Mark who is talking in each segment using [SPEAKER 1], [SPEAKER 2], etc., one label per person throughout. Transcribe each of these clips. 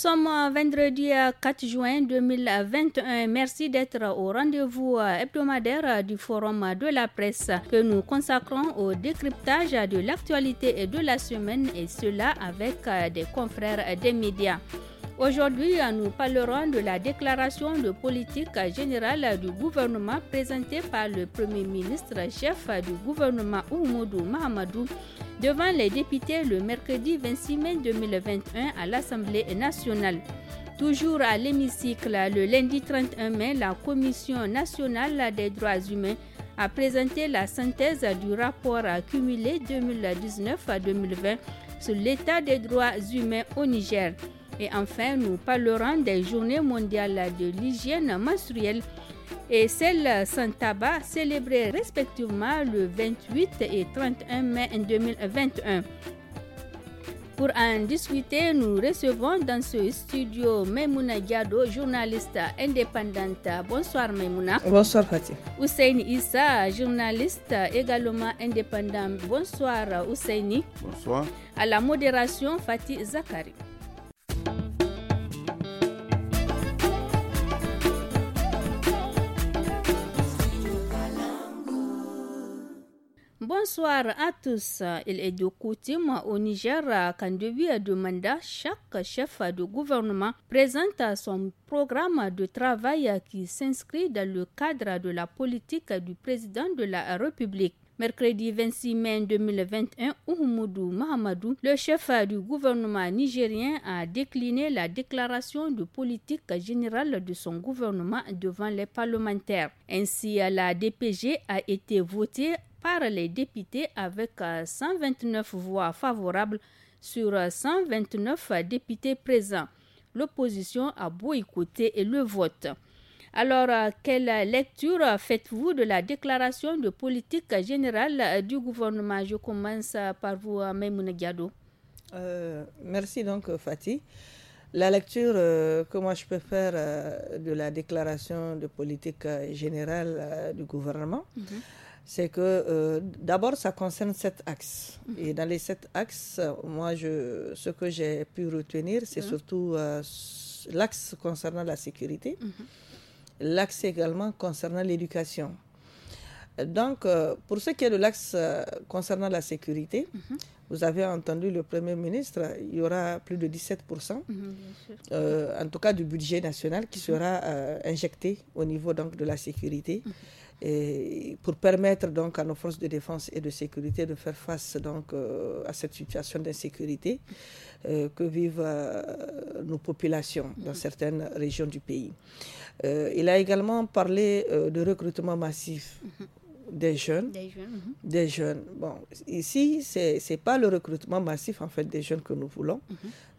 [SPEAKER 1] sommes vendredi 4 juin 2021. Merci d'être au rendez-vous hebdomadaire du Forum de la presse que nous consacrons au décryptage de l'actualité et de la semaine et cela avec des confrères des médias. Aujourd'hui, nous parlerons de la déclaration de politique générale du gouvernement présentée par le Premier ministre chef du gouvernement Oumoudou Mahamadou devant les députés le mercredi 26 mai 2021 à l'Assemblée nationale. Toujours à l'hémicycle, le lundi 31 mai, la Commission nationale des droits humains a présenté la synthèse du rapport cumulé 2019-2020 sur l'état des droits humains au Niger. Et enfin, nous parlerons des journées mondiales de l'hygiène menstruelle et celles sans tabac célébrées respectivement le 28 et 31 mai 2021. Pour en discuter, nous recevons dans ce studio Memouna Diado, journaliste indépendante. Bonsoir Memouna. Bonsoir Fatih. Hussein Issa, journaliste également indépendant. Bonsoir Ousseini. Bonsoir. À la modération, Fatih Zakari. Bonsoir à tous. Il est de coutume au Niger qu'en début de mandat, chaque chef de gouvernement présente son programme de travail qui s'inscrit dans le cadre de la politique du président de la République. Mercredi 26 mai 2021, Oumoudou Mahamadou, le chef du gouvernement nigérien, a décliné la déclaration de politique générale de son gouvernement devant les parlementaires. Ainsi, la DPG a été votée par les députés avec 129 euh, voix favorables sur 129 euh, députés présents. L'opposition a boycotté le vote. Alors, euh, quelle lecture faites-vous de la déclaration de politique générale du gouvernement Je commence par vous, Mme Gado. merci donc, Fatih. La
[SPEAKER 2] lecture que moi je peux faire de la déclaration de politique générale du gouvernement, mhm c'est que euh, d'abord, ça concerne sept axes. Mhm. Et dans les sept axes, moi, je, ce que j'ai pu retenir, c'est mhm. surtout euh, l'axe concernant la sécurité, mhm. l'axe également concernant l'éducation. Donc, euh, pour ce qui est de l'axe concernant la sécurité, vous avez entendu le Premier ministre, il y aura plus de 17%, en tout cas du budget national, qui sera injecté au niveau donc, de la sécurité pour permettre donc à nos forces de défense et de sécurité de faire face donc euh, à cette situation d'insécurité euh, que vivent euh, nos populations dans mm-hmm. certaines régions du pays. il a également parlé de recrutement massif. Mm-hmm. Des jeunes, des jeunes. Mm-hmm. Bon, ici, ce n'est pas le recrutement massif en fait des jeunes que nous voulons,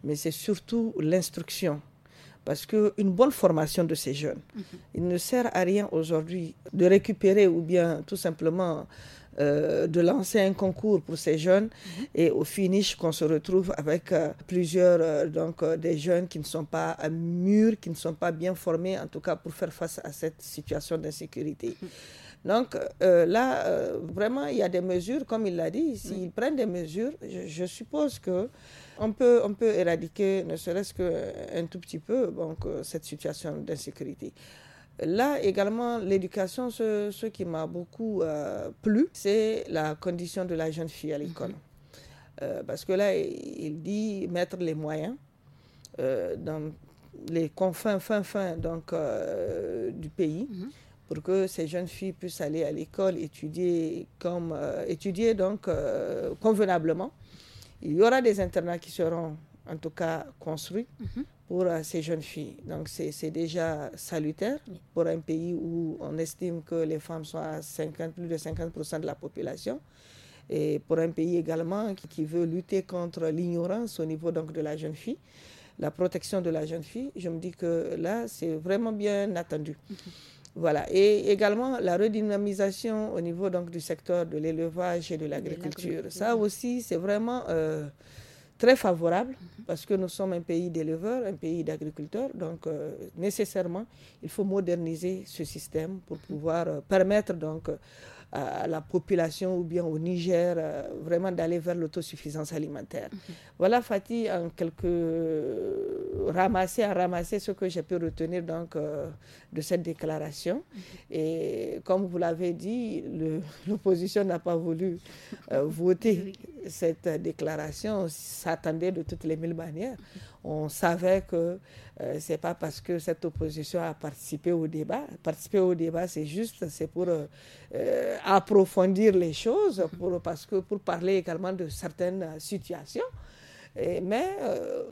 [SPEAKER 2] mais c'est surtout l'instruction parce qu'une bonne formation de ces jeunes, mhm. il ne sert à rien aujourd'hui de récupérer ou bien tout simplement euh, de lancer un concours pour ces jeunes mhm. et au finish qu'on se retrouve avec euh, plusieurs euh, donc des jeunes qui ne sont pas mûrs, qui ne sont pas bien formés en tout cas pour faire face à cette situation d'insécurité. Mhm. Donc euh, là, euh, vraiment, il y a des mesures, comme il l'a dit, s'ils prennent des mesures, je, suppose que on peut, éradiquer, ne serait-ce qu'un euh, tout petit peu, donc, cette situation d'insécurité. Là également, l'éducation, ce, qui m'a beaucoup plu, c'est la condition de la jeune fille à mhm. l'école. parce que là, il dit mettre les moyens dans les confins fin fin donc du pays mhm pour que ces jeunes filles puissent aller à l'école étudier comme euh, étudier donc euh, convenablement. Il y aura des internats qui seront en tout cas construits mhm. pour euh, ces jeunes filles. Donc c'est déjà salutaire pour un pays où on estime que les femmes sont à 50, plus de 50% de la population et pour un pays également qui, veut lutter contre l'ignorance au niveau donc de la jeune fille, la protection de la jeune fille, je me dis que là, c'est vraiment bien attendu. Mhm. Voilà. Et également la redynamisation au niveau donc, du secteur de l'élevage et de l'agriculture. Ça aussi, c'est vraiment euh, très favorable mhm. parce que nous sommes un pays d'éleveurs, un pays d'agriculteurs. Donc, euh, nécessairement, il faut moderniser ce système pour mhm. pouvoir euh, permettre donc à la population ou bien au Niger, euh, vraiment d'aller vers l'autosuffisance alimentaire. Mhm. Voilà, Fatih, en quelques ramasser à ramasser ce que j'ai pu retenir donc euh, de cette déclaration. Mhm. Et comme vous l'avez dit, l'opposition n'a pas voulu euh, voter cette déclaration, s'attendait de toutes les mille manières on savait que ce euh, c'est pas parce que cette opposition a participé au débat. Participer au débat, c'est juste, c'est pour euh, euh, approfondir les choses, mhm. pour, parce que pour parler également de certaines situations. mais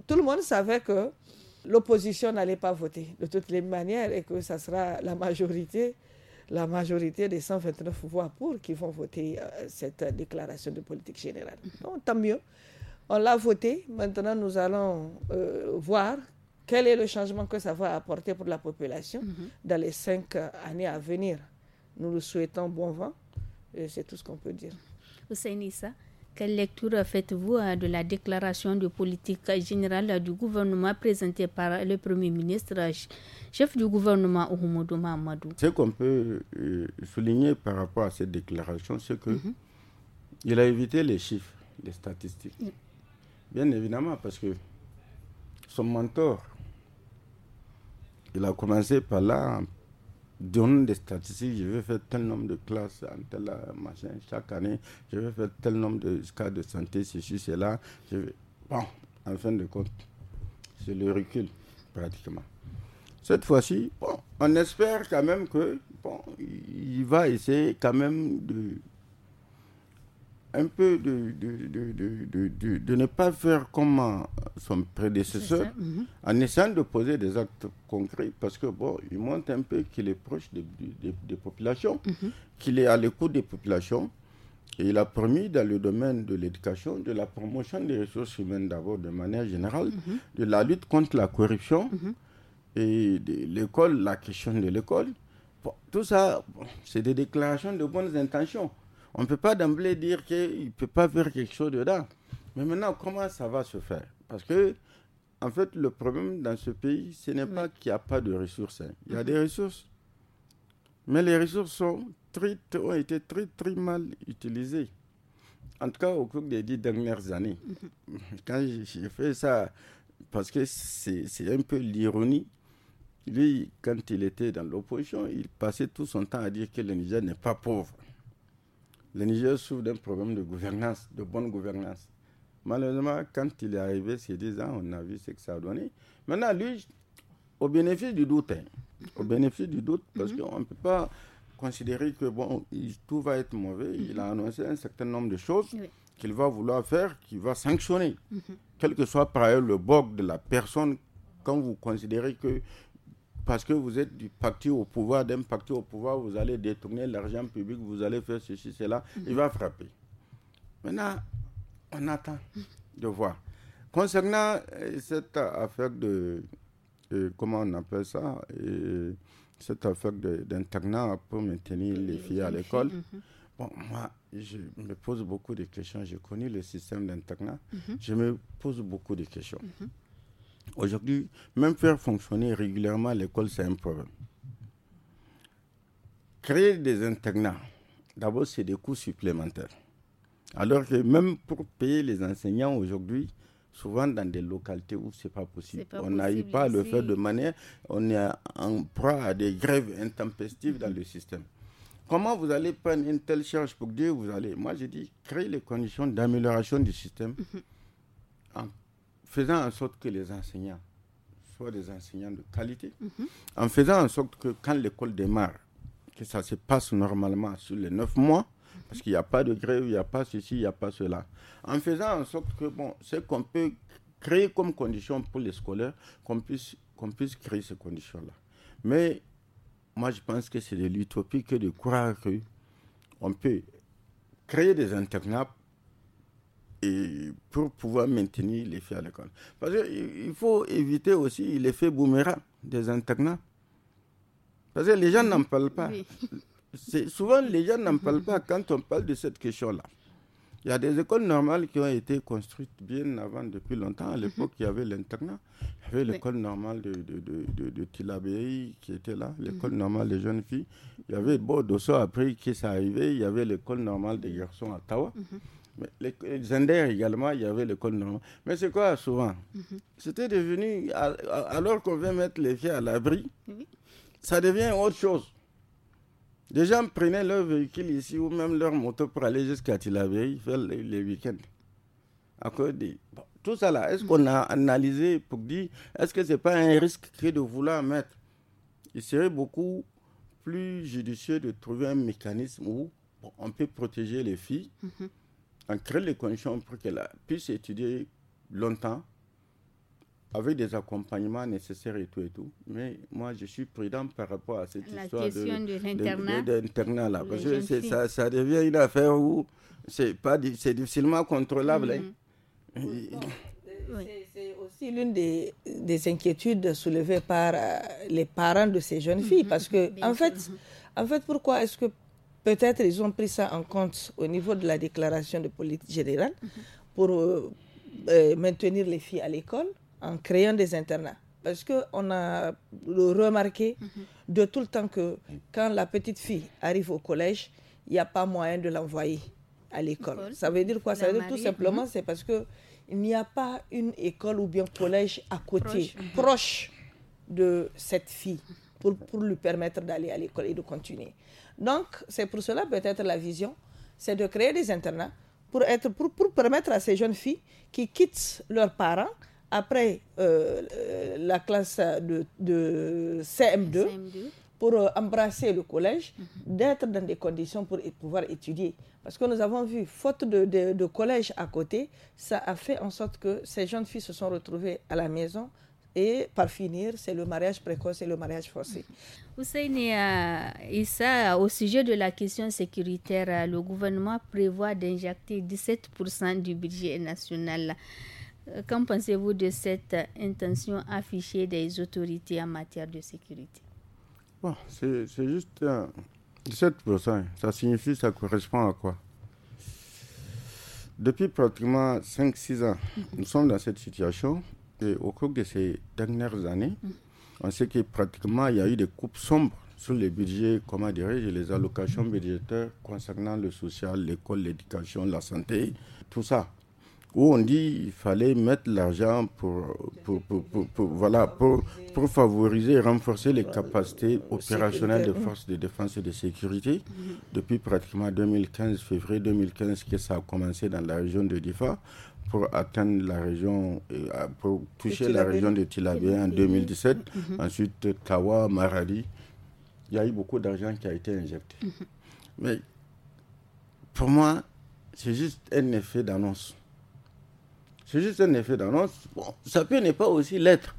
[SPEAKER 2] tout le monde savait que l'opposition n'allait pas voter de toutes les manières et que ça sera la majorité la majorité des 129 voix pour qui vont voter cette déclaration de politique générale. Mhm. Donc, tant mieux. On l'a voté. Maintenant, nous allons euh, voir quel est le changement que ça va apporter pour la population mhm. dans les cinq années à venir. Nous le souhaitons bon vent. C'est tout ce qu'on peut dire.
[SPEAKER 1] Nissa, quelle lecture faites-vous euh, de la déclaration de politique générale du gouvernement présentée par le Premier ministre, chef du gouvernement Oumoudou Amadou.
[SPEAKER 3] Ce qu'on peut euh, souligner par rapport à cette déclaration, c'est que mhm. il a évité les chiffres, les statistiques. Bien évidemment, parce que son mentor, il a commencé par là, donnant des statistiques, je vais faire tel nombre de classes en tel machin chaque année, je vais faire tel nombre de cas de santé, ceci, cela. Je Bon, en fin de compte, c'est le recul, pratiquement. Cette fois-ci, bon, on espère quand même que bon, il va essayer quand même de un peu de, de, ne pas faire comme son prédécesseur mhm. en essayant de poser des actes concrets parce que bon, il montre un peu qu'il est proche des, populations, mhm. qu'il est à l'écoute des populations. Et il a promis dans le domaine de l'éducation, de la promotion des ressources humaines d'abord de manière générale, mhm. de la lutte contre la corruption et de l'école, la question de l'école. tout ça, c'est des déclarations de bonnes intentions. On ne peut pas d'emblée dire qu'il ne peut pas faire quelque chose dedans. Mais maintenant, comment ça va se faire Parce que, en fait, le problème dans ce pays, ce n'est pas qu'il n'y a pas de ressources. Hein. Il y a des ressources. Mais les ressources ont été très, très mal utilisées. En tout cas, au cours des dix dernières années. Quand j'ai fait ça, parce que c'est un peu l'ironie. Lui, quand il était dans l'opposition, il passait tout son temps à dire que le Niger n'est pas pauvre le Niger souffre d'un problème de gouvernance, de bonne gouvernance. Malheureusement, quand il est arrivé ces 10 ans, on a vu ce que ça a donné. Maintenant, lui, au bénéfice du doute, hein, au bénéfice du doute, parce mhm. qu'on ne peut pas considérer que bon, tout va être mauvais. Il a mhm. annoncé un certain nombre de choses qu'il va vouloir faire, qu'il va sanctionner. Mhm. Quel que soit par ailleurs le bord de la personne, quand vous considérez que parce que vous êtes du parti au pouvoir, d'un parti au pouvoir, vous allez détourner l'argent public, vous allez faire ceci, cela, il mhm. va frapper. Maintenant, on attend de voir. Concernant euh, cette affaire de, comment on appelle ça, euh, cette affaire d'internat pour maintenir les filles à l'école, mhm. bon, moi, je me pose beaucoup de questions. J'ai connu le système d'internat, mhm. je me pose beaucoup de questions. Aujourd'hui, même faire fonctionner régulièrement l'école, c'est un problème. Créer des internats, d'abord, c'est des coûts supplémentaires. Alors que même pour payer les enseignants aujourd'hui, souvent dans des localités où ce n'est pas possible. on n'arrive pas à le faire de manière, on est en proie à des grèves intempestives dans le système. Comment vous allez prendre une telle charge pour dire vous allez Moi, je dis, créer les conditions d'amélioration du système mhm faisant en sorte que les enseignants soient des enseignants de qualité, mhm. en faisant en sorte que quand l'école démarre, que ça se passe normalement sur les neuf mois, parce qu'il n'y a pas de grève, il n'y a pas ceci, il n'y a pas cela. En faisant en sorte que bon, ce qu'on peut créer comme condition pour les scolaires, qu'on puisse, qu'on puisse créer ces conditions-là. Mais moi, je pense que c'est de l'utopie que de croire qu'on peut créer des internats et pour pouvoir maintenir les filles à l'école. Parce qu'il faut éviter aussi l'effet boomerang des internats. Parce que les gens n'en parlent pas. Souvent, les gens n'en parlent pas quand on parle de cette question-là. Il y a des écoles normales qui ont été construites bien avant, depuis longtemps. À mhm. l'époque, il y avait l'internat. Il y avait l'école normale de, de, de, de, qui était là, mhm. l'école normale des jeunes filles. Il y avait Bordeaux après qui s'est arrivé. Il y avait l'école normale des garçons à Tawa. Mhm. Les, Zender également, il y avait l'école normale. Mais c'est quoi souvent mm-hmm. C'était devenu, alors qu'on veut mettre les filles à l'abri, ça devient autre chose. Des gens prenaient leur véhicule ici ou même leur moto pour aller jusqu'à Tilabéry faire les, week-ends. tout ça là, est-ce qu'on a analysé pour dire, est-ce que ce n'est pas un risque que de vouloir mettre Il serait beaucoup plus judicieux de trouver un mécanisme où on peut protéger les filles mm-hmm on crée les conditions pour qu'elle puisse étudier longtemps avec des accompagnements nécessaires et tout et tout. Mais moi, je suis prudent par rapport à cette la histoire de, de l'internat. parce que ça, ça, devient une affaire où c'est pas c'est difficilement contrôlable. Mm-hmm.
[SPEAKER 2] Hein. C'est aussi l'une des, des, inquiétudes soulevées par euh, les parents de ces jeunes filles, mm-hmm. parce que en fait, en fait, pourquoi est-ce que Peut-être ils ont pris ça en compte au niveau de la déclaration de politique générale pour euh, euh, maintenir les filles à l'école en créant des internats. Parce qu'on a remarqué de tout le temps que quand la petite fille arrive au collège, il n'y a pas moyen de l'envoyer à l'école. Ça veut dire quoi Ça veut dire tout simplement, mhm. c'est parce qu'il n'y a pas une école ou bien collège à côté, proche, mhm. de cette fille, pour lui permettre d'aller à l'école et de continuer. Donc, c'est pour cela peut-être la vision, c'est de créer des internats pour, être, pour, permettre à ces jeunes filles qui quittent leurs parents après euh, euh, la classe de, CM2, pour euh, embrasser le collège, mhm. d'être dans des conditions pour pouvoir étudier. Parce que nous avons vu, faute de, de collège à côté, ça a fait en sorte que ces jeunes filles se sont retrouvées à la maison et par finir, c'est le mariage précoce et le mariage forcé.
[SPEAKER 1] et euh, Issa, au sujet de la question sécuritaire, euh, le gouvernement prévoit d'injecter 17% du budget national. Euh, qu'en pensez-vous de cette intention affichée des autorités en matière de sécurité
[SPEAKER 3] Bon, c'est juste 17%. Ça signifie, ça correspond à quoi Depuis pratiquement 5-6 ans, nous sommes dans cette situation au cours de ces dernières années, mm. on sait que pratiquement il y a eu des coupes sombres sur les budgets, comment dirais-je, les mm. allocations budgétaires concernant le social, l'école, l'éducation, la santé, tout ça. Où on dit qu'il fallait mettre l'argent pour, voilà, pour, pour favoriser et renforcer les capacités opérationnelles des forces de défense et de sécurité. Mm. Depuis pratiquement 2015, février 2015, que ça a commencé dans la région de Difa, pour atteindre la région, euh, pour toucher la région de Tilabé en 2017. Mm-hmm. Mm-hmm. Ensuite, Kawa, Maradi. Il y a eu beaucoup d'argent qui a été injecté. Mm-hmm. Mais pour moi, c'est juste un effet d'annonce. C'est juste un effet d'annonce. Bon, ça peut ne pas aussi l'être.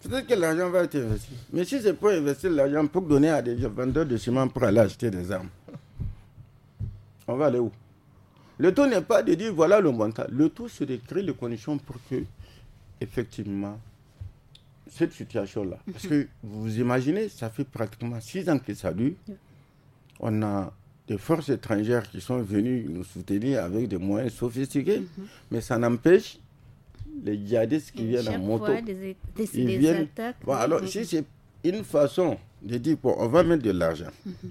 [SPEAKER 3] Peut-être que l'argent va être investi. Mais si c'est pour investir l'argent pour donner à des vendeurs de ciment pour aller acheter des armes, on va aller où le tout n'est pas de dire voilà le montant. Le tout, c'est de créer les conditions pour que, effectivement, cette situation-là. Parce que vous imaginez, ça fait pratiquement six ans que ça dure. On a des forces étrangères qui sont venues nous soutenir avec des moyens sophistiqués, mm-hmm. mais ça n'empêche les djihadistes qui viennent en moto. alors, si c'est une façon de dire bon, on va mettre de l'argent, mm-hmm.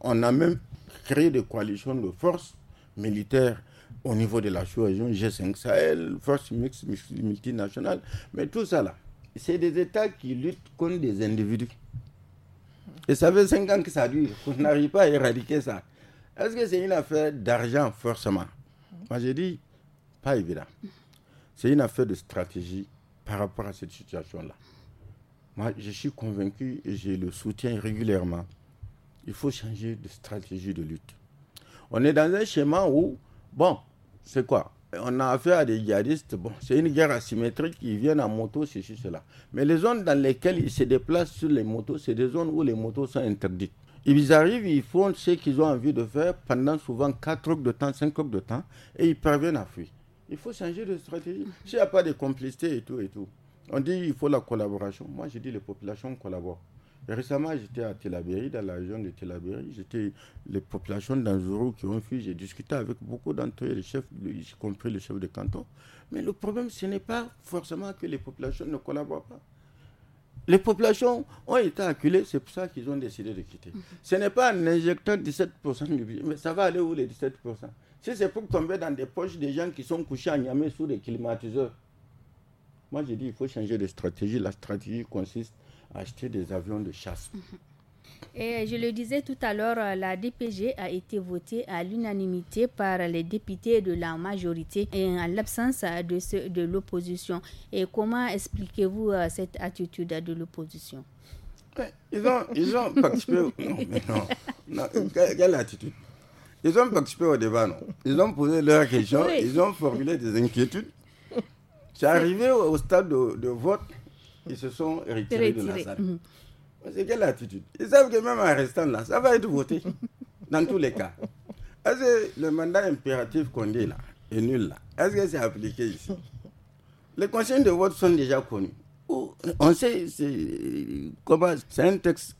[SPEAKER 3] on a même créé des coalitions de forces militaires au niveau de la sous G5 Sahel, force mixte multinationale. Mais tout ça là, c'est des États qui luttent contre des individus. Et ça fait cinq ans que ça dure, qu'on n'arrive pas à éradiquer ça. Est-ce que c'est une affaire d'argent forcément Moi j'ai dit, pas évident. C'est une affaire de stratégie par rapport à cette situation-là. Moi je suis convaincu et je le soutiens régulièrement. Il faut changer de stratégie de lutte. On est dans un schéma où, bon, c'est quoi on a affaire à des djihadistes, bon, c'est une guerre asymétrique, ils viennent en moto, ceci, cela. Mais les zones dans lesquelles ils se déplacent sur les motos, c'est des zones où les motos sont interdites. Ils arrivent, ils font ce qu'ils ont envie de faire pendant souvent 4 heures de temps, 5 heures de temps, et ils parviennent à fuir. Il faut changer de stratégie. S'il n'y a pas de complicité et tout, et tout, on dit qu'il faut la collaboration. Moi, je dis les populations collaborent. Récemment, j'étais à Télabéry, dans la région de Telabéry. J'étais les populations d'Anzourou qui ont fui. J'ai discuté avec beaucoup d'entre eux, les chefs, y compris les chefs de canton. Mais le problème, ce n'est pas forcément que les populations ne collaborent pas. Les populations ont été acculées, c'est pour ça qu'ils ont décidé de quitter. Mhm. Ce n'est pas en injectant 17% du budget, mais ça va aller où les 17% Si c'est pour tomber dans des poches des gens qui sont couchés à yamé sous des climatiseurs, moi j'ai dit il faut changer de stratégie. La stratégie consiste acheter des avions de chasse. Mhm.
[SPEAKER 1] Et je le disais tout à l'heure, euh, la DPG a été votée à l'unanimité par les députés de la majorité et en l'absence de, de l'opposition. Et comment expliquez-vous euh, cette attitude de l'opposition ben, ils ont, participé. Non,
[SPEAKER 3] mais non. quelle, attitude Ils ont participé au débat, non Ils ont posé leurs questions, ils ont formulé des inquiétudes. C'est arrivé au, stade de vote ils se sont retirés, de la salle. Mhm. C'est quelle attitude Ils savent que même en restant là, ça va être voté, dans tous les cas. Est-ce que le mandat impératif qu'on dit là est nul là Est-ce que c'est appliqué ici Les consignes de vote sont déjà connues. On sait comment. C'est un texte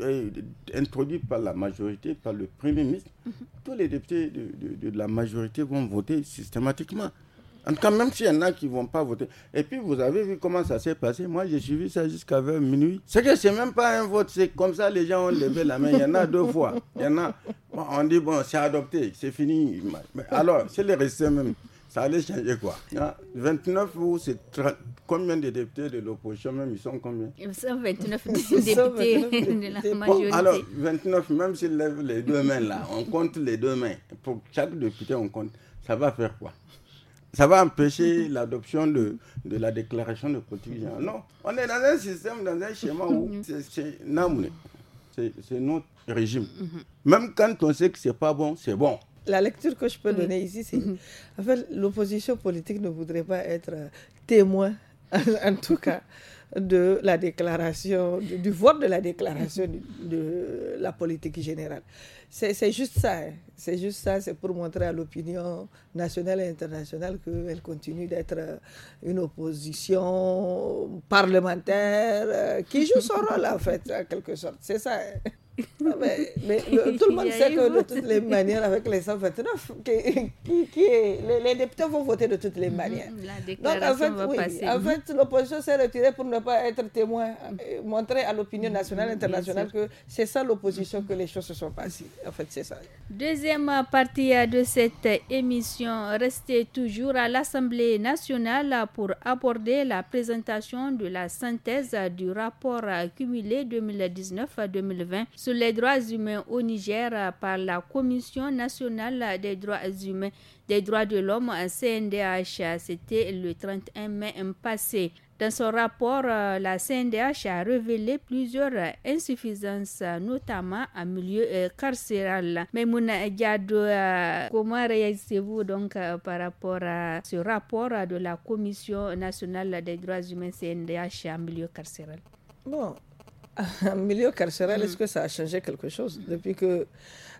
[SPEAKER 3] euh, introduit par la majorité, par le Premier ministre. Mhm. Tous les députés de la majorité vont voter systématiquement. En tout cas, même s'il y en a qui ne vont pas voter. Et puis, vous avez vu comment ça s'est passé. Moi, j'ai suivi ça jusqu'à 20 minuit. C'est que ce n'est même pas un vote. C'est comme ça, les gens ont levé la main. Il y en a deux fois. Il y en a. on dit, bon, c'est adopté, c'est fini. alors, c'est les restes même. Ça allait changer quoi 29 ah, ou c'est combien de députés de l'opposition même Ils sont combien
[SPEAKER 1] Ils sont 29 députés de la majorité. alors,
[SPEAKER 3] 29, même s'ils lèvent les deux mains là, on compte les deux mains. Pour chaque député, on compte. Ça va faire quoi ça va empêcher l'adoption de, la déclaration de politique Non, on est dans un système, dans un schéma où mhm. c'est c'est notre régime. Mhm. Même quand on sait que c'est pas bon, c'est bon.
[SPEAKER 2] La lecture que je peux mhm. donner ici, c'est en l'opposition politique ne voudrait pas être euh, témoin, en tout cas de la déclaration, du vote de la déclaration de, la politique générale. C'est juste ça. Hein. C'est juste ça. C'est pour montrer à l'opinion nationale et internationale qu'elle continue d'être euh, une opposition parlementaire euh, qui joue son rôle, en fait, en quelque sorte. C'est ça. Hein. Ah ben, mais tout le monde sait que de toutes les manières, avec les 129, les, députés vont voter de toutes les mhm, manières. Donc, en fait, oui, en fait mhm. l'opposition s'est retirée pour ne pas être témoin, euh, montrer à l'opinion mhm, nationale, et internationale que c'est ça l'opposition que les choses se sont passées. En fait, c'est ça.
[SPEAKER 1] Deuxième partie de cette émission, restez toujours à l'Assemblée nationale pour aborder la présentation de la synthèse du rapport cumulé 2019-2020 sur les droits humains au Niger par la Commission nationale des droits humains des droits de l'homme CNDH. C'était le 31 mai passé. Dans son rapport, la CNDH a révélé plusieurs insuffisances, notamment en milieu euh, carcéral. Mais Mouna Diado, euh, comment réagissez-vous donc euh, par rapport à ce rapport de la Commission nationale des droits humains CNDH en milieu carcéral
[SPEAKER 2] Bon, un milieu carcéral, est-ce mm. que ça a changé quelque chose depuis que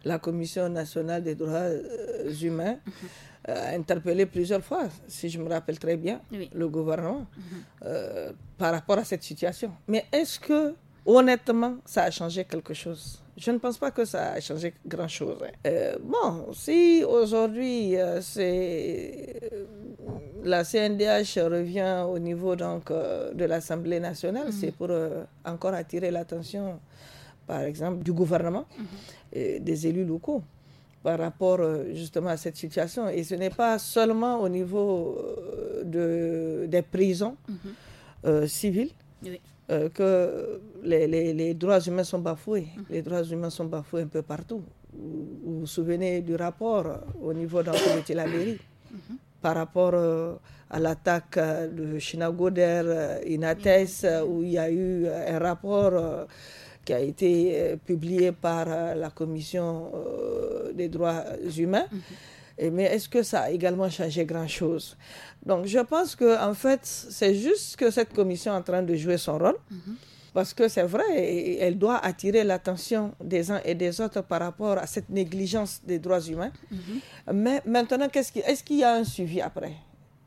[SPEAKER 2] la Commission nationale des droits euh, humains mm-hmm. euh, a interpellé plusieurs fois, si je me rappelle très bien, le gouvernement mm-hmm. euh, par rapport à cette situation Mais est-ce que, honnêtement, ça a changé quelque chose je ne pense pas que ça a changé grand-chose. Hein. Euh, bon, si aujourd'hui euh, c'est euh, la CNDH revient au niveau donc de l'Assemblée nationale, mm-hmm. c'est pour encore attirer l'attention, par exemple, du gouvernement, mm-hmm. et des élus locaux par rapport justement à cette situation. Et ce n'est pas seulement au niveau de, des prisons mm-hmm. civiles. Oui euh, que les, droits humains sont bafoués. Mm. Les droits humains sont bafoués un peu partout. Vous vous, souvenez du rapport euh, au niveau la Mairie, mm-hmm. par rapport euh, à l'attaque de Chinagoder, Inates, mm. où il y a eu un rapport qui a été publié par la Commission des droits humains. Mm-hmm mais est-ce que ça a également changé grand-chose Donc je pense que en fait, c'est juste que cette commission est en train de jouer son rôle. Mhm. Parce que c'est vrai, elle doit attirer l'attention des uns et des autres par rapport à cette négligence des droits humains. Mhm. Mais maintenant, est-ce qu'il y a un suivi après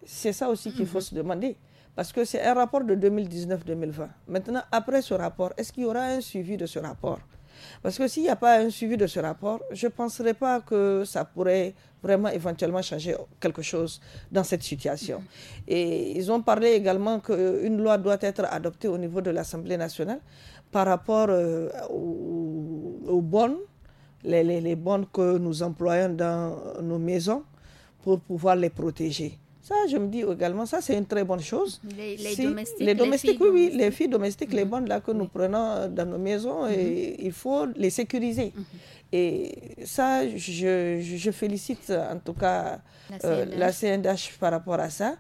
[SPEAKER 2] C'est ça aussi qu'il faut mhm. se demander. Parce que c'est un rapport de 2019-2020. Maintenant, après ce rapport, est-ce qu'il y aura un suivi de ce rapport parce que s'il n'y a pas un suivi de ce rapport, je ne penserais pas que ça pourrait vraiment éventuellement changer quelque chose dans cette situation. Et ils ont parlé également qu'une loi doit être adoptée au niveau de l'Assemblée nationale par rapport euh, aux, bonnes, les bonnes que nous employons dans nos maisons pour pouvoir les protéger. Ça, je me dis également, ça, c'est une très bonne chose.
[SPEAKER 1] Les, domestiques. Les domestiques, oui, oui, les
[SPEAKER 2] filles domestiques, les mhm. bonnes, là que nous prenons euh, dans nos maisons, et mhm. il faut les sécuriser. Mhm. Et ça, je, je, félicite en tout cas la CNH, euh, par rapport à ça.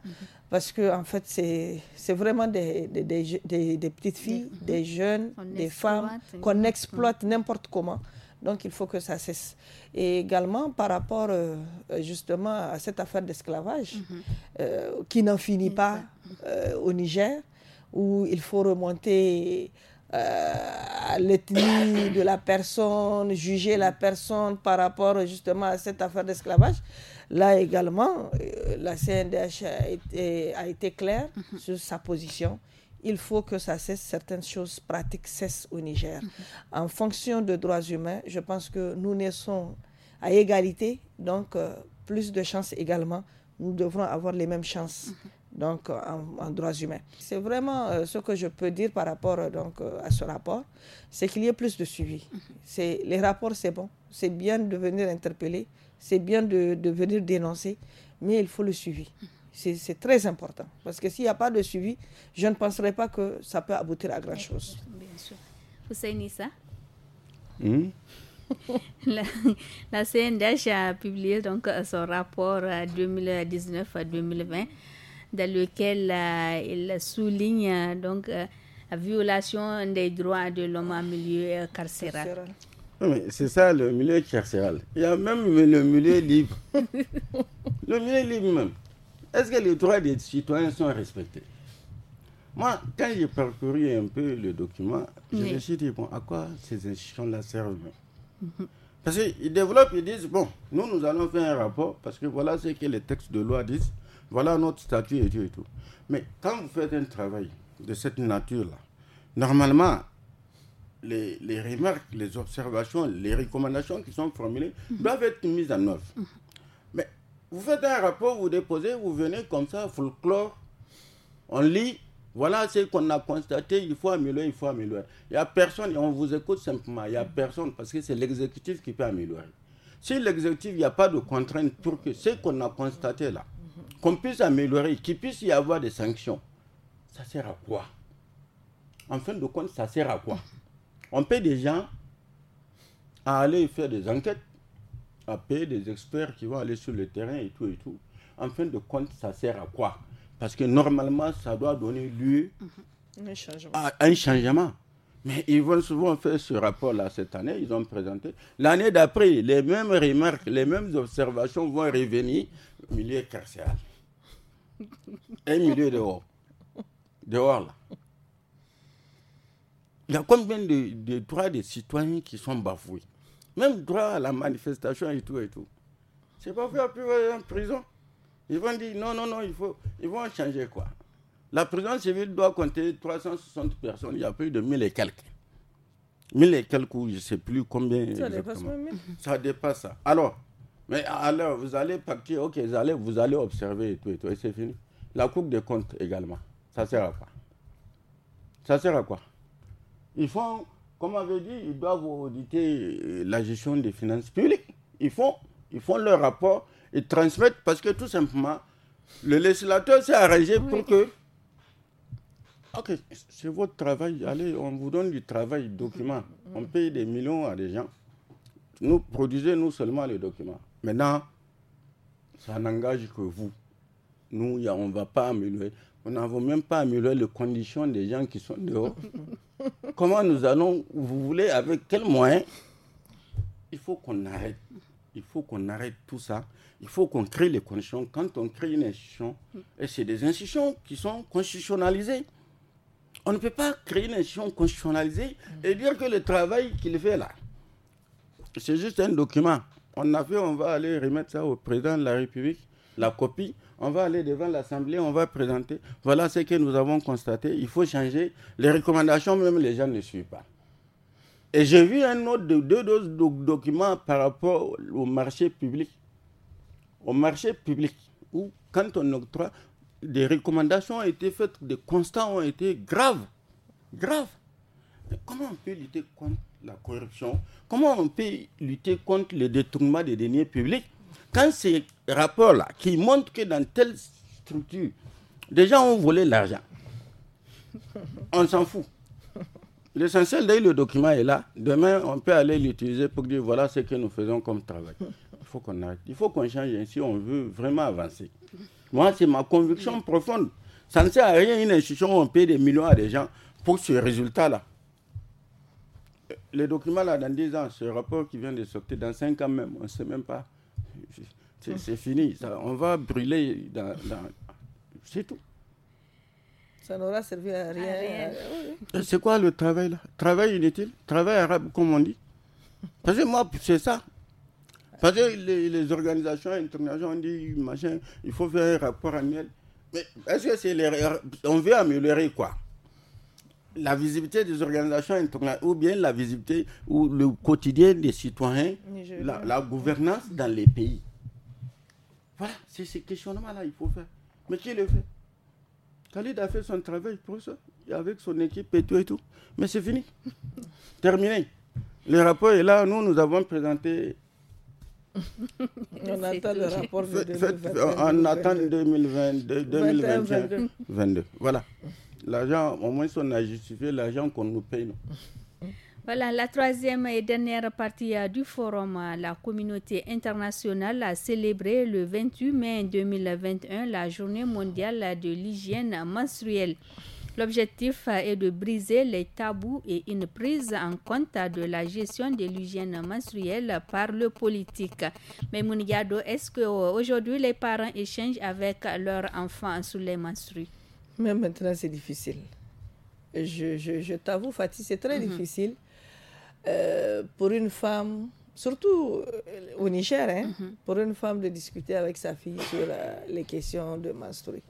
[SPEAKER 2] Parce que, en fait, c'est vraiment des, des, des, petites filles, des jeunes, des femmes qu'on exploite n'importe comment. Donc il faut que ça cesse. Et également par rapport euh, justement à cette affaire d'esclavage mhm. euh, qui n'en finit pas euh, au Niger, où il faut remonter à l'ethnie de la personne, juger la personne par rapport justement à cette affaire d'esclavage. Là également, la CNDH a été, claire mhm. sur sa position il faut que ça cesse, certaines choses pratiques cessent au Niger. Mhm. En fonction des droits humains, je pense que nous naissons à égalité, donc euh, plus de chances également. Nous devrons avoir les mêmes chances. Mhm. donc euh, en, droits humains. C'est vraiment euh, ce que je peux dire par rapport donc, à ce rapport, c'est qu'il y ait plus de suivi. Mhm. C'est, les rapports, c'est bon, c'est bien de venir interpeller, c'est bien de, de venir dénoncer, mais il faut le suivi. C'est très important. Parce que s'il n'y a pas de suivi, je ne penserai pas que ça peut aboutir à
[SPEAKER 1] grand-chose. Bien sûr. Nissa hmm? la, la, CNDH a publié donc son rapport 2019-2020 euh, dans lequel euh, il souligne donc euh, la violation des droits de l'homme en milieu carcéral.
[SPEAKER 3] C'est ça le milieu carcéral. Il y a même le milieu libre. le milieu libre même. Est-ce que les droits des citoyens sont respectés Moi, quand j'ai parcouru un peu le document, je me suis dit, bon, à quoi ces institutions-là servent mhm. Parce qu'ils développent, ils disent, bon, nous, nous allons faire un rapport, parce que voilà ce que les textes de loi disent, voilà notre statut et tout et tout. Mais quand vous faites un travail de cette nature-là, normalement, les, les, remarques, les observations, les recommandations qui sont formulées mhm. doivent être mises en œuvre. Mhm. Vous faites un rapport, vous déposez, vous venez comme ça, folklore, on lit, voilà ce qu'on a constaté, il faut améliorer, il faut améliorer. Il n'y a personne, et on vous écoute simplement, il n'y a personne, parce que c'est l'exécutif qui peut améliorer. Si l'exécutif, il n'y a pas de contrainte pour que ce qu'on a constaté là, qu'on puisse améliorer, qu'il puisse y avoir des sanctions, ça sert à quoi En fin de compte, ça sert à quoi On paie des gens à aller faire des enquêtes, payer des experts qui vont aller sur le terrain et tout et tout. En fin de compte, ça sert à quoi Parce que normalement, ça doit donner lieu
[SPEAKER 2] mm-hmm. à
[SPEAKER 3] un changement. Mais ils vont souvent faire ce rapport-là cette année, ils ont présenté. L'année d'après, les mêmes remarques, les mêmes observations vont revenir au milieu carcéral. Un milieu dehors. Dehors, là. Il y a combien de, de droits des citoyens qui sont bafoués même droit à la manifestation et tout et tout. C'est pas fait plus en prison. Ils vont dire non, non, non, il faut, ils vont changer quoi. La prison civile doit compter 360 personnes. Il y a plus de 1000 et quelques. 1000 et quelques, je ne sais plus combien. Ça dépasse Ça dépasse ça. Alors, mais alors, vous allez partir, ok, vous allez, vous allez observer et tout et tout, et c'est fini. La Coupe de comptes également. Ça sert à quoi Ça sert à quoi Ils font comme on avait dit, ils doivent auditer euh, la gestion des finances publiques. Ils font, ils font leur rapport, et transmettent parce que tout simplement, le législateur s'est arrangé pour que. Ok, c'est votre travail. Allez, on vous donne du travail, document. On paye des millions à des gens. Nous produisez-nous seulement les documents. Maintenant, ça n'engage que vous. Nous, on ne va pas améliorer. On n'a même pas amélioré les conditions des gens qui sont dehors. Comment nous allons, vous voulez, avec quel moyen Il faut qu'on arrête. Il faut qu'on arrête tout ça. Il faut qu'on crée les conditions. Quand on crée une institution, et c'est des institutions qui sont constitutionnalisées. On ne peut pas créer une institution constitutionnalisée et dire que le travail qu'il fait là, c'est juste un document. On a fait, on va aller remettre ça au président de la République la copie, on va aller devant l'Assemblée, on va présenter. Voilà ce que nous avons constaté. Il faut changer. Les recommandations, même les gens ne suivent pas. Et j'ai vu un autre deux documents par rapport au marché public. Au marché public, où quand on octroie, des recommandations ont été faites, des constats ont été graves. Graves. comment on peut lutter contre la corruption Comment on peut lutter contre le détournement des deniers publics quand c'est rapport-là qui montre que dans telle structure, des gens ont volé l'argent. On s'en fout. L'essentiel, d'ailleurs, le document est là, demain, on peut aller l'utiliser pour dire voilà ce que nous faisons comme travail. Il faut qu'on arrête. Il faut qu'on change ainsi, on veut vraiment avancer. Moi, c'est ma conviction profonde. Ça ne sert à rien une institution où on paye des millions à des gens pour ce résultat-là. Le document là, dans 10 ans, ce rapport qui vient de sortir, dans 5 ans même, on ne sait même pas. Hum. C'est fini. on va brûler C'est tout.
[SPEAKER 2] Ça n'aura servi à rien.
[SPEAKER 3] Euh, c'est quoi le travail là Travail inutile Travail arabe, comme on dit Parce que moi, c'est ça. Parce que les, organisations internationales ont dit, machin, il faut faire un rapport annuel. Mais est-ce que c'est les... On veut améliorer quoi la visibilité des organisations internationales ou bien la visibilité ou le quotidien des citoyens, la, gouvernance dans les pays. Voilà, c'est ces questionnements-là, il faut faire. Mais qui le fait Khalid a fait son travail pour ça, avec son équipe et tout et tout. Mais c'est fini. Terminé. Le rapport est là, nous, nous avons présenté.
[SPEAKER 2] on attend le rapport de 2022. On attend 2022.
[SPEAKER 3] 2022. Voilà. L'argent, au moins, on a justifié l'argent qu'on nous paye. Non
[SPEAKER 1] voilà la troisième et dernière partie euh, du forum. Euh, la communauté internationale a célébré le 28 mai 2021 la journée mondiale de l'hygiène menstruelle. L'objectif euh, est de briser les tabous et une prise en compte de la gestion de l'hygiène menstruelle par le politique. Mais Mouniado, est-ce qu'aujourd'hui les parents échangent avec leurs enfants sous les menstrues
[SPEAKER 2] Mais maintenant, c'est difficile. Je, t'avoue, Fatih, c'est très mhm. difficile euh, pour une femme, surtout euh, au Niger, hein, mhm. pour une femme de discuter avec sa fille sur euh, les questions de menstruer.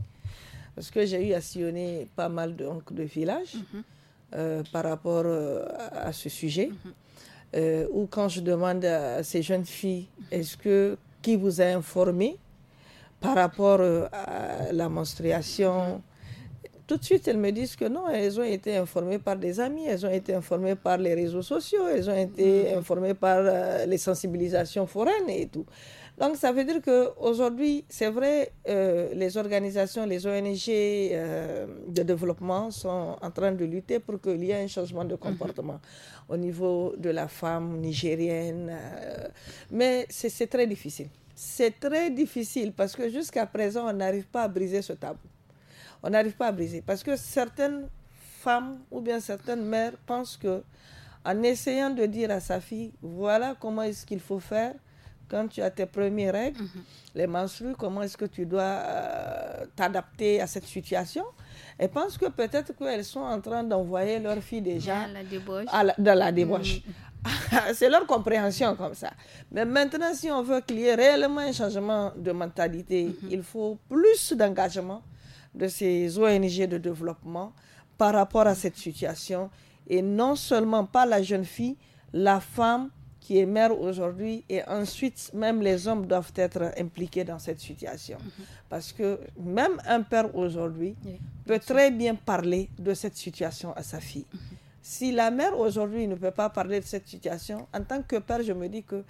[SPEAKER 2] Parce que j'ai eu à sillonner pas mal de, de villages mhm. par rapport à, ce sujet. Mhm. ou quand je demande à ces jeunes filles, est-ce que qui vous a informé par rapport à la menstruation tout de suite, elles me disent que non, elles ont été informées par des amis, elles ont été informées par les réseaux sociaux, elles ont été mm. informées par euh, les sensibilisations foraines et tout. Donc ça veut dire qu'aujourd'hui, c'est vrai, euh, les organisations, les ONG euh, de développement sont en train de lutter pour qu'il y ait un changement de comportement mm-hmm. au niveau de la femme nigérienne. mais c'est très difficile. C'est très difficile parce que jusqu'à présent, on n'arrive pas à briser ce tabou on n'arrive pas à briser. Parce que certaines femmes ou bien certaines mères pensent que en essayant de dire à sa fille, voilà comment est-ce qu'il faut faire quand tu as tes premières règles, mhm. les menstrues, comment est-ce que tu dois euh, t'adapter à cette situation et pensent que peut-être qu'elles sont en train d'envoyer leur fille déjà
[SPEAKER 1] à la dans la débauche.
[SPEAKER 2] Mhm. c'est leur compréhension comme ça. Mais maintenant, si on veut qu'il y ait réellement un changement de mentalité, mhm. il faut plus d'engagement, de ces ONG de développement par rapport à cette situation. Et non seulement pas la jeune fille, la femme qui est mère aujourd'hui et ensuite même les hommes doivent être impliqués dans cette situation. Mhm. Parce que même un père aujourd'hui peut très bien parler de cette situation à sa fille. Mhm. Si la mère aujourd'hui ne peut pas parler de cette situation, en tant que père, je me dis que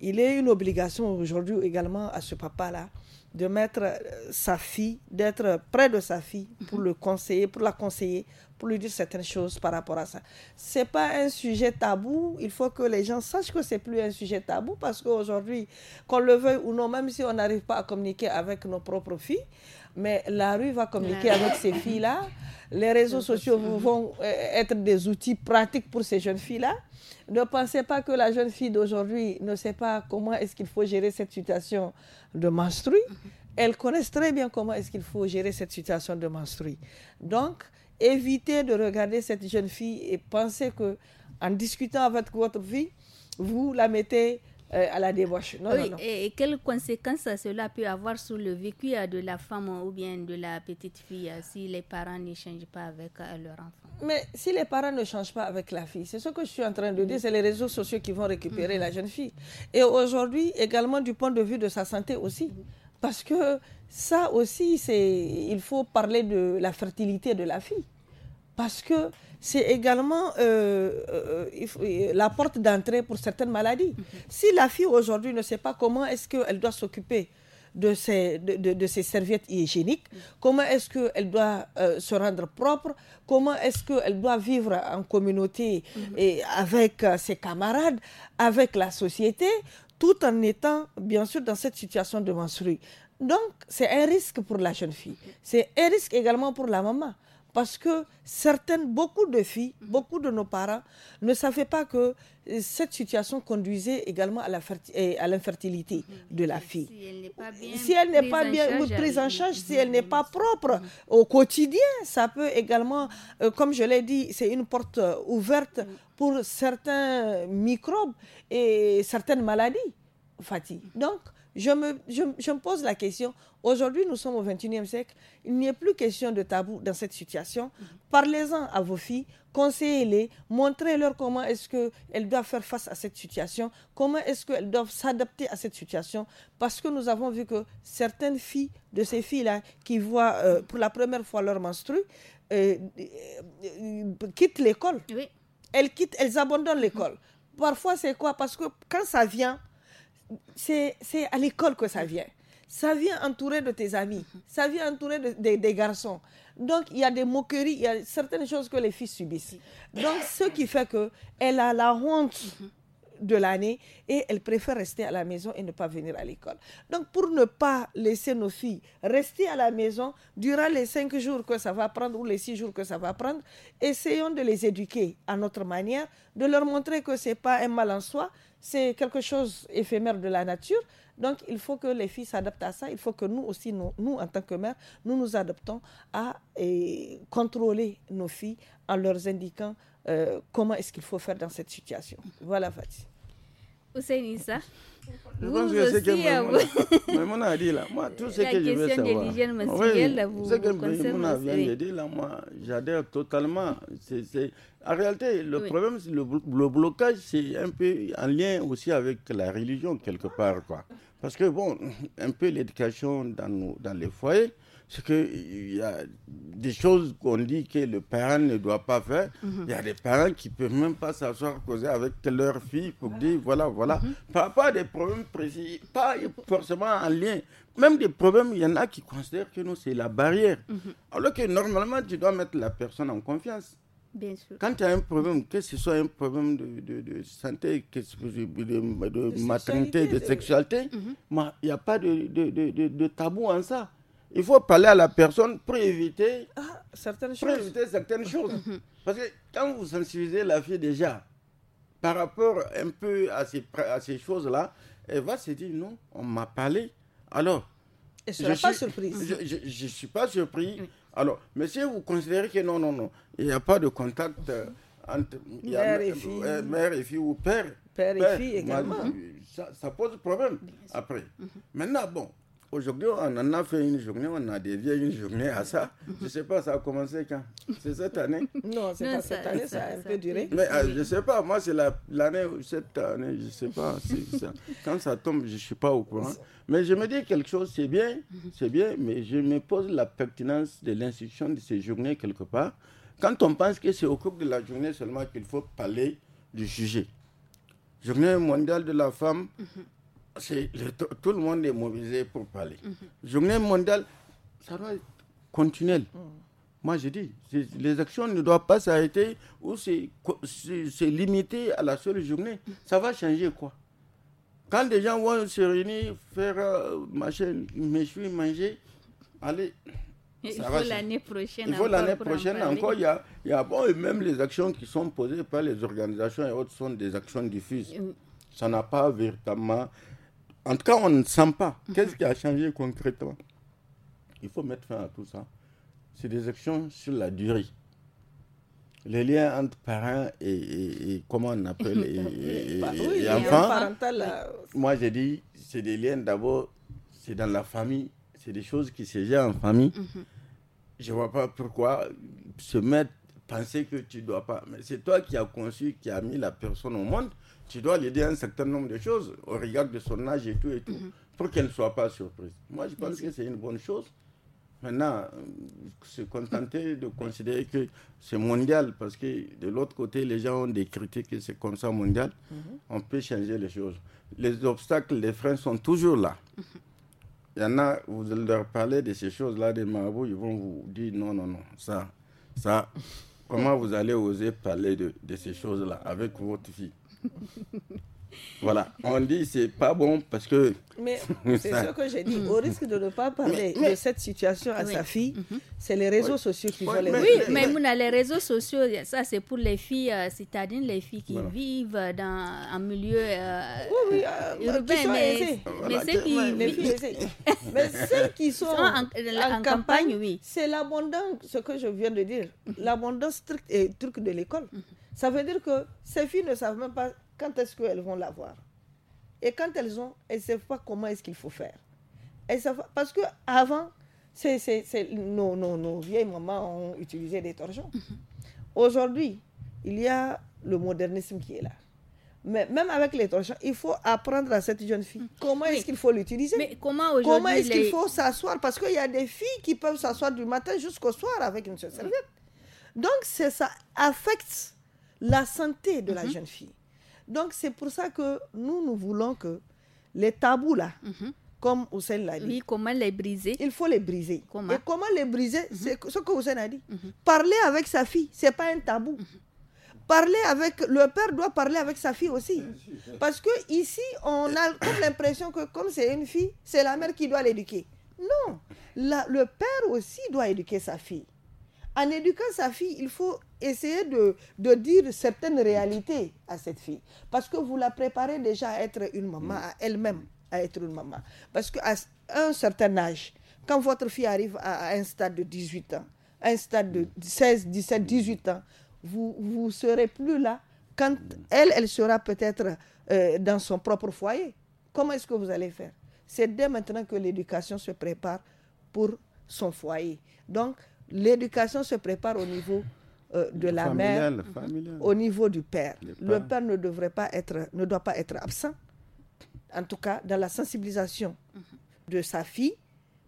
[SPEAKER 2] il est une obligation aujourd'hui également à ce papa-là de mettre euh, sa fille, d'être près de sa fille pour le conseiller, pour la conseiller, pour lui dire certaines choses par rapport à ça. C'est pas un sujet tabou. Il faut que les gens sachent que c'est plus un sujet tabou parce qu'aujourd'hui, qu'on le veuille ou non, même si on n'arrive pas à communiquer avec nos propres filles, mais la rue va communiquer avec ces filles-là. Les réseaux sociaux vont euh, être des outils pratiques pour ces jeunes filles-là. Ne pensez pas que la jeune fille d'aujourd'hui ne sait pas comment est-ce qu'il faut gérer cette situation de menstrues. Elles connaissent très bien comment est-ce qu'il faut gérer cette situation de menstrues. Donc, évitez de regarder cette jeune fille et pensez que en discutant avec votre vie vous la mettez euh, à la débauche. Et,
[SPEAKER 1] quelles conséquences cela peut avoir sur le vécu de la femme ou bien de la petite fille euh, si les parents n'échangent pas avec euh, leur enfant Mais si les parents ne
[SPEAKER 2] changent pas avec la fille, c'est ce que je suis en train de dire, mm. c'est les réseaux sociaux qui vont récupérer mm-hmm. la jeune fille. Et aujourd'hui, également du point de vue de sa santé aussi. Mm-hmm. Parce que ça aussi, c'est, il faut parler de la fertilité de la fille. Parce que c'est également euh, euh, euh, la porte d'entrée pour certaines maladies. Mhm. Si la fille aujourd'hui ne sait pas comment est-ce qu'elle doit s'occuper de ses, de, serviettes hygiéniques, mhm. comment est-ce qu'elle doit se rendre propre, comment est-ce qu'elle doit vivre en communauté mhm. et avec ses camarades, avec la société, tout en étant bien sûr dans cette situation de menstruée. Donc, c'est un risque pour la jeune fille. C'est un risque également pour la maman. Parce que certaines, beaucoup de filles, mhm. beaucoup de nos parents ne savaient pas que euh, cette situation conduisait également à euh, l'infertilité mhm. de la fille.
[SPEAKER 1] Si elle n'est pas bien, prise, en
[SPEAKER 2] charge, si elle n'est pas propre au quotidien, ça peut également, euh, comme je l'ai dit, c'est une porte ouverte pour certains microbes et certaines maladies. Fatih. Donc, je me, je, me pose la question, aujourd'hui nous sommes au 21e siècle, il n'y a plus question de tabou dans cette situation. Mhm. Parlez-en à vos filles, conseillez-les, montrez-leur comment est-ce qu'elles doivent faire face à cette situation, comment est-ce qu'elles doivent s'adapter à cette situation, parce que nous avons vu que certaines filles, de ces filles-là, qui voient euh, pour la première fois leur menstru, euh, euh, quittent l'école. Oui. Elles quittent, elles abandonnent l'école. Mhm. Parfois, c'est quoi Parce que quand ça vient, c'est à l'école que ça vient. Ça vient entouré de tes amis, mm-hmm. ça vient entouré des garçons. Donc, il y a des moqueries, il y a certaines choses que les filles subissent. Donc, ce qui fait qu'elle a la honte mm-hmm. de l'année et elle préfère rester à la maison et ne pas venir à l'école. Donc pour ne pas laisser nos filles rester à la maison durant les cinq jours que ça va prendre ou les six jours que ça va prendre, essayons de les éduquer à notre manière, de leur montrer que ce n'est pas un mal en soi, c'est quelque chose éphémère de la nature. Donc, il faut que les filles s'adaptent à ça. Il faut que nous aussi, nous, en tant que mères, nous nous adaptons à contrôler nos filles en leur indiquant euh, comment est-ce qu'il faut faire dans cette situation. Voilà, Fatih.
[SPEAKER 1] Ousainissa. Je pense que c'est que
[SPEAKER 2] euh, Mais a dit là. Moi, tout ce que je veux savoir. La
[SPEAKER 1] oui, ce que vous vient oui. dit,
[SPEAKER 3] là, moi, j'adhère totalement. En réalité, le problème, le, le blocage, c'est un peu en lien aussi avec la religion quelque part. Quoi. Parce que, bon, un peu l'éducation dans, nos, dans les foyers, c'est qu'il y a des choses qu'on dit que le parent ne doit pas faire. Mhm. Il y a des parents qui ne peuvent même pas s'asseoir causer avec leur fille pour dire voilà, voilà. Mhm. pas des problèmes précis, pas forcément en lien. Même des problèmes, il y en a qui considèrent que nous, c'est la barrière. Mhm. Alors que normalement, tu dois mettre la personne en confiance.
[SPEAKER 1] Bien sûr. Quand tu as un
[SPEAKER 3] problème, que ce soit un problème de, de, santé, que de, maternité, de sexualité, il n'y a pas de, tabou en ça il faut parler à la personne pour éviter, ah, certaines, choses. éviter certaines choses. Mhm. Parce que quand vous sensibilisez la fille déjà par rapport un peu à ces, à ces choses-là, elle va se dire non, on m'a parlé. Alors, et je ne suis pas surprise. Je ne suis pas surpris. Alors, mais si vous considérez que non, non, non, il n'y a pas de contact euh, entre mère, et fille. Euh, mère et fille ou père. Père, et fille également. ça, pose problème après. Mhm. Maintenant, bon, Aujourd'hui, on en a fait une journée, on a dévié une journée à ça. Je ne sais pas, ça a commencé quand C'est cette année
[SPEAKER 2] Non, c'est pas cette année, ça, a un peu duré. Mais euh,
[SPEAKER 3] je ne sais pas, moi, c'est l'année, ou cette année, je ne sais pas. quand ça tombe, je ne suis pas au courant. Mais je me dis quelque chose, c'est bien, c'est bien, mais je me pose la pertinence de l'institution de ces journées quelque part. Quand on pense que c'est au cours de la journée seulement qu'il faut parler du sujet. Journée mondiale de la femme, tout le monde est mobilisé pour parler. Mhm. Journée mondiale, ça doit être continuel. Mhm. Moi, je dis, les actions ne doivent pas s'arrêter ou se limiter à la seule journée. Ça va changer quoi Quand des gens vont se réunir, faire euh, machin, mes suis manger, allez.
[SPEAKER 1] Il faut l'année prochaine. Il faut l'année prochaine encore. Il y,
[SPEAKER 3] a, y a, bon, et même les actions qui sont posées par les organisations et autres sont des actions diffuses. Ça n'a pas véritablement en tout cas, on ne sent pas. Mhm. Qu'est-ce qui a changé concrètement Il faut mettre fin à tout ça. C'est des actions sur la durée. Les liens entre parents et, comment on appelle et, bah enfants. moi, j'ai dit, c'est des liens d'abord, c'est dans la famille, c'est des choses qui se gèrent en famille. Mhm. Je ne vois pas pourquoi se mettre penser que tu dois pas. Mais c'est toi qui as conçu, qui as mis la personne au monde. Tu dois l'aider à un certain nombre de choses au regard de son âge et tout et tout, mhm. pour qu'elle ne soit pas surprise. Moi, je pense que c'est une bonne chose. Maintenant, euh, se contenter de considérer que c'est mondial, parce que de l'autre côté, les gens ont des critiques et c'est comme ça mondial, mhm. on peut changer les choses. Les obstacles, les freins sont toujours là. Mhm. Il y en a, vous allez leur parler de ces choses-là, des marabouts, ils vont vous dire non, non, non, ça, ça, Comment vous allez oser parler de, de ces choses-là avec votre fille voilà, on dit c'est pas bon parce que.
[SPEAKER 2] Mais c'est ce que j'ai dit. Au risque de ne pas parler de cette situation à sa fille, mhm. c'est les réseaux sociaux qui vont les. Oui, mais
[SPEAKER 1] les réseaux sociaux, ça c'est pour les filles euh, citadines, les filles qui vivent dans un milieu euh, Oui, euh, urbain, mais, mais qui.
[SPEAKER 2] mais qui sont, en, campagne, oui c'est l'abondance, ce que je viens de dire, mhm. l'abondance est et truc de l'école. Mhm. Ça veut dire que ces filles ne savent même pas quand est-ce qu'elles vont l'avoir Et quand elles ont, elles ne savent pas comment est-ce qu'il faut faire. Elles savent, parce que avant, c'est, nos, vieilles mamans ont utilisé des torchons. Mm-hmm. Aujourd'hui, il y a le modernisme qui est là. Mais même avec les torchons, il faut apprendre à cette jeune fille mm. comment est-ce qu'il faut l'utiliser. Mais comment aujourd'hui Comment est-ce qu'il faut s'asseoir Parce qu'il y a des filles qui peuvent s'asseoir du matin jusqu'au soir avec une seule serviette. Donc, ça affecte la santé de la mm-hmm. jeune fille. Donc c'est pour ça que nous, nous voulons que les tabous là, mhm. comme Hussein l'a dit. Oui, comment les briser Il faut les briser. Et comment les briser mhm. C'est ce que a dit. Mhm. Parler avec sa fille, ce n'est pas un tabou. Parler avec le père doit parler avec sa fille aussi, parce que ici on a comme l'impression que comme c'est une fille, c'est la mère qui doit l'éduquer. Non, le père aussi doit éduquer sa fille en éduquant sa fille, il faut essayer de, dire certaines réalités à cette fille. Parce que vous la préparez déjà à être une maman, à elle-même, à être une maman. Parce qu'à un certain âge, quand votre fille arrive à, un stade de 18 ans, un stade de 16, 17, 18 ans, vous ne serez plus là. Quand elle, elle sera peut-être euh, dans son propre foyer, comment est-ce que vous allez faire C'est dès maintenant que l'éducation se prépare pour son foyer. Donc, L'éducation se prépare au niveau euh, de la mère, au niveau du père. Le père ne devrait pas être, ne doit pas être absent. En tout cas, dans la sensibilisation mhm. de sa fille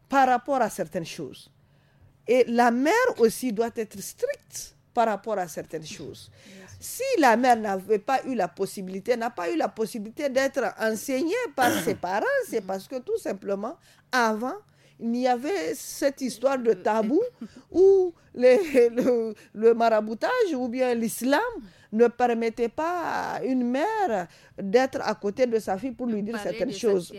[SPEAKER 2] par rapport à certaines choses. Et la mère aussi doit être stricte par rapport à certaines choses. Si la mère n'avait pas eu la possibilité, n'a pas eu la possibilité d'être enseignée par ses parents, c'est parce que tout simplement, avant, il y avait cette histoire de euh, tabou où le, maraboutage ou bien l'islam ne permettait pas à une mère d'être à côté de sa fille pour lui dire certaines choses.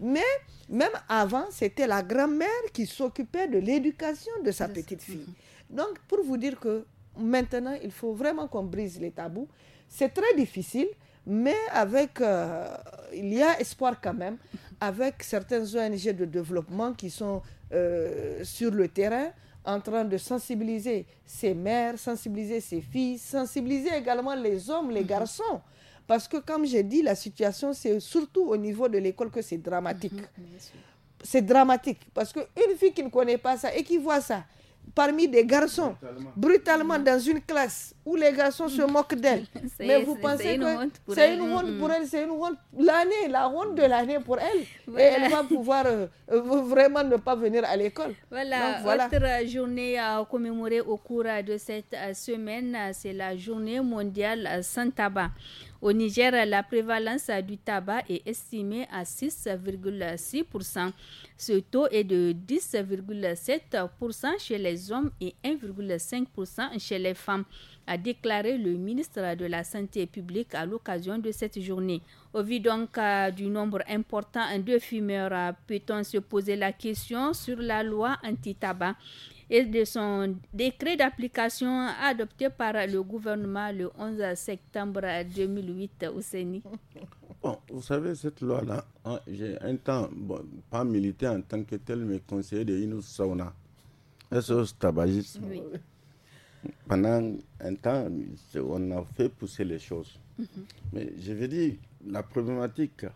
[SPEAKER 2] Mais même avant, c'était la grand-mère qui s'occupait de l'éducation de sa petite mhm. fille. Donc, pour vous dire que maintenant, il faut vraiment qu'on brise les tabous. C'est très difficile. Mais avec, euh, il y a espoir quand même, avec certaines ONG de développement qui sont euh, sur le terrain en train de sensibiliser ces mères, sensibiliser ces filles, sensibiliser également les hommes, les mhm. garçons. Parce que, comme j'ai dit, la situation, c'est surtout au niveau de l'école que c'est dramatique. Mhm, c'est dramatique. Parce qu'une fille qui ne connaît pas ça et qui voit ça, parmi des garçons, brutalement, dans une classe où les garçons se moquent d'elle. Mais vous pensez que c'est une honte pour elle, c'est une honte l'année, la honte de l'année pour elle. Et elle va pouvoir euh, euh, vraiment ne pas venir à l'école.
[SPEAKER 1] Voilà, voilà, autre journée à commémorer au cours de cette euh, semaine, c'est la journée mondiale sans tabac. Au Niger, la prévalence du tabac est estimée à 6,6%. Ce taux est de 10,7% chez les hommes et 1,5% chez les femmes, a déclaré le ministre de la Santé publique à l'occasion de cette journée. Au vu donc euh, du nombre important de fumeurs, euh, peut-on se poser la question sur la loi anti-tabac et de son décret d'application adopté par le gouvernement le 11 septembre 2008 au CENI
[SPEAKER 3] Bon, vous savez, cette loi-là, hein, j'ai un temps, bon, pas milité en tant que tel, mais conseiller de Inus Sauna, SOS Tabagisme. Pendant un temps, on a fait pousser les choses. Mhm. Mais je veux dire, la problématique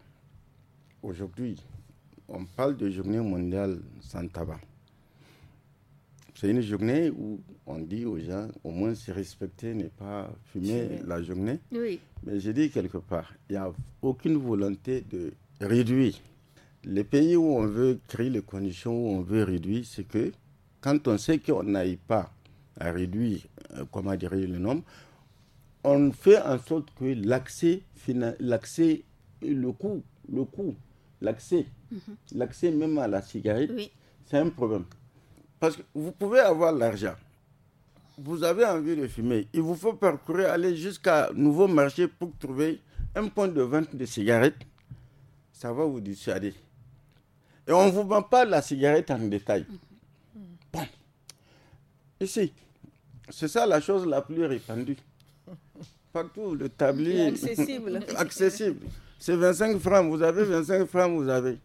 [SPEAKER 3] aujourd'hui, on parle de journée mondiale sans tabac. C'est une journée où on dit aux gens, au moins se respecter, ne pas fumer la journée. Mais j'ai dit quelque part, il n'y a aucune volonté de réduire. Les pays où on veut créer les conditions où on veut réduire, c'est que quand on sait qu'on n'aille pas à réduire, euh, comment dire, le nombre, on fait en sorte que l'accès, l'accès, le coût, le coût, l'accès, mhm. l'accès même à la cigarette, c'est un problème. Parce que vous pouvez avoir l'argent. Vous avez envie de fumer. Il vous faut parcourir, aller jusqu'à nouveau marché pour trouver un point de vente de cigarettes. Ça va vous dissuader. Et on ne vous vend pas la cigarette en détail. Bon. Ici, c'est ça la chose la plus répandue. Partout, le tablier. Accessible. accessible. C'est 25 francs, vous avez 25 francs, vous avez.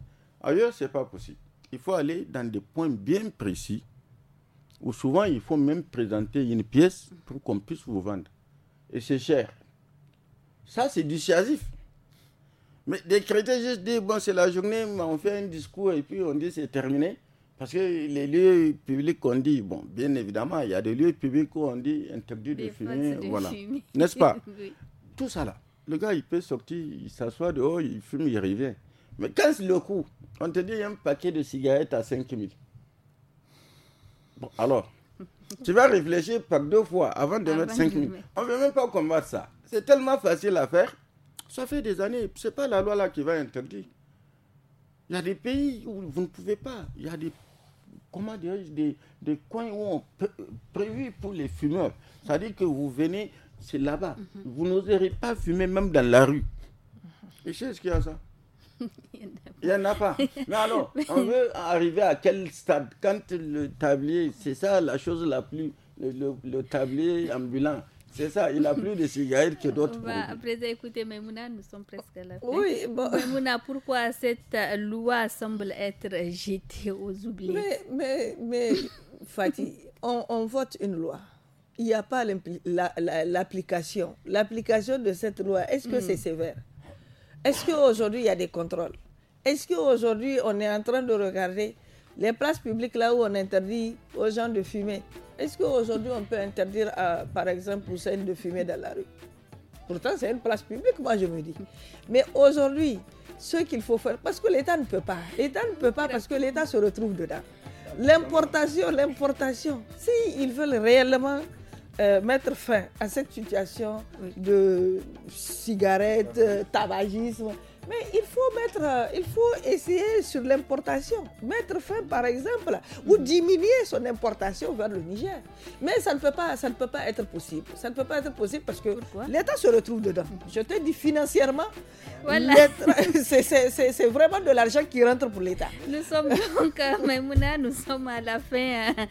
[SPEAKER 3] Ailleurs, ce n'est pas possible il faut aller dans des points bien précis où souvent il faut même présenter une pièce pour qu'on puisse vous vendre. Et c'est cher. Ça, c'est du Mais Mais décréter juste disent bon, c'est la journée, on fait un discours et puis on dit c'est terminé. Parce que les lieux publics, on dit, bon, bien évidemment, il y a des lieux publics où on dit interdit de fumer, voilà. N'est-ce pas Tout ça là. Le gars, il peut sortir, il s'assoit dehors, il fume, il revient. Mais quand c'est le coût, on te dit un paquet de cigarettes à 5 000. Bon, alors, tu vas réfléchir par deux fois avant de mettre 5 000. On ne veut même pas combattre ça. C'est tellement facile à faire. Ça fait des années. Ce n'est pas la loi là qui va interdire. Il y a des pays où vous ne pouvez pas. Il y a des, comment des, des coins où on prévu pour les fumeurs. C'est-à-dire que vous venez, c'est là-bas. Mhm. Vous n'oserez pas fumer même dans la rue. Mhm. Et c'est ce qu'il y a ça. Il n'y en a pas. Mais alors, on veut arriver à quel stade Quand le tablier, c'est ça la chose la plus. Le, tablier ambulant. C'est ça, il a plus de cigarettes que d'autres. Bah,
[SPEAKER 1] après, écoutez, Memouna, nous sommes presque là. Oui, bon. Memouna, pourquoi cette euh, loi semble être jetée aux oubliés Mais, mais,
[SPEAKER 2] mais Fatih, on, vote une loi il n'y a pas l'application. l'application de cette loi, est-ce que c'est hmm. sévère est-ce qu'aujourd'hui, il y a des contrôles Est-ce qu'aujourd'hui, on est en train de regarder les places publiques là où on interdit aux gens de fumer Est-ce qu'aujourd'hui, on peut interdire, par exemple, aux scènes de fumer dans la rue Pourtant, c'est une place publique, moi, je me dis. Mais aujourd'hui, ce qu'il faut faire, parce que l'État ne peut pas. L'État ne peut pas parce que l'État se retrouve dedans. L'importation, l'importation. si S'ils veulent réellement euh, mettre fin à cette situation de cigarettes, ah euh, tabagisme. Mais il faut, mettre, euh, il faut essayer sur l'importation. Mettre fin, par exemple, ou mhm. diminuer son importation vers le Niger. Mais ça ne peut pas, ça ne peut pas être possible. Ça ne peut pas être possible parce que l'État se retrouve dedans. Mhm. Je te dis financièrement, c'est vraiment de l'argent qui rentre pour l'État.
[SPEAKER 1] Nous sommes donc, Maïmouna, nous sommes à la fin. Hein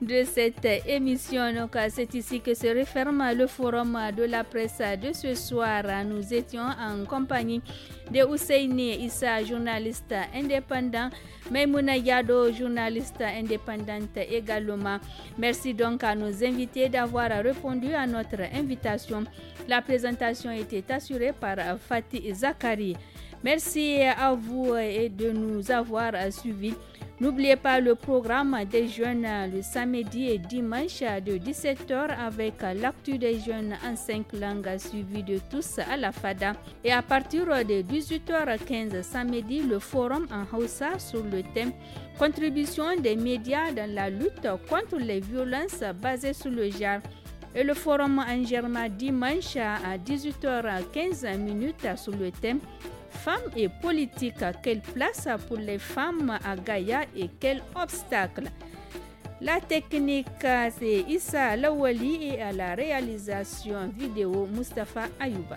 [SPEAKER 1] de cette émission. Donc, c'est ici que se referme le forum de la presse de ce soir. Nous étions en compagnie de Husseini Issa, journaliste indépendant, Maimouna Yado, journaliste indépendante également. Merci donc à nos invités d'avoir répondu à notre invitation. La présentation était assurée par Fatih Zakari. Merci à vous et de nous avoir suivis. N'oubliez pas le programme des jeunes le samedi et dimanche de 17h avec l'actu des jeunes en cinq langues suivi de tous à la FADA. Et à partir de 18h15 samedi, le forum en Hausa sur le thème Contribution des médias dans la lutte contre les violences basées sur le genre et le forum en germain dimanche à 18h15 sur le thème Femmes et politique, quelle place pour les femmes à Gaïa et quels obstacles La technique, c'est Issa Lawali et à la réalisation vidéo Mustafa Ayouba.